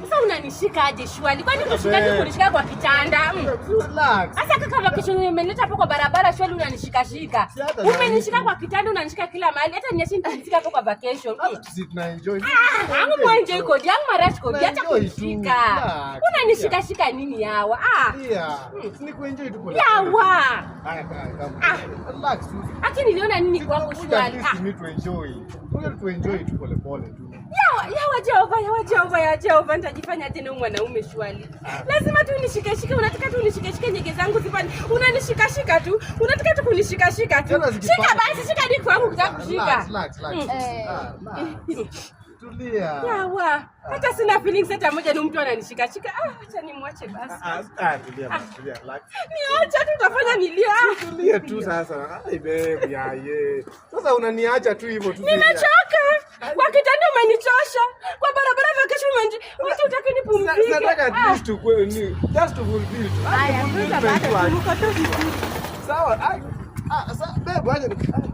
Sasa unanishika aje shwali? Kwani kushikaje kunishika kwa kitanda? Mm. Sasa kaka vya kishu umenileta hapo kwa barabara shwali unanishika shika. Umenishika kwa kitanda unanishika kila mahali. Hata niache nitafika hapo kwa vacation. Sisi tuna enjoy. Yangu ah, ah, ah, mwa enjoy kodi, yangu marash kodi, acha kunishika. Unanishika shika nini yawa? Ah. Hmm. Ni kuenjoy tu pole. Yawa. Haki niliona nini kwangu shwali? Ni tuenjoy. Tuenjoy tu pole pole tu. Jehova, ewe Jehova, ya Jehova, nitajifanya tena mwanaume shwali. Ah. Lazima tu unishikeshike, unataka tu unishikeshike nyege zangu zipani. Unanishikashika tu, unataka tu kunishikashika tu. Shika basi, shika diko wangu kutaka kushika. Mm. Ah, tulia. Yawa. Hata sina feelings hata moja ni mtu ananishikashika. Ah, acha nimwache basi. Ah, ah tulia, tulia. Niacha tu utafanya nilia. Tulia tu sasa. Ai babe, yaye. Sasa unaniacha tu hivyo tu. Nimechoka umenichosha kwa barabara vya kesho mtu utaki nipumzike. Nataka at ah. least tukwe ni just to fulfill. Haya, tuko tu Sawa. Ah, sasa bebe aje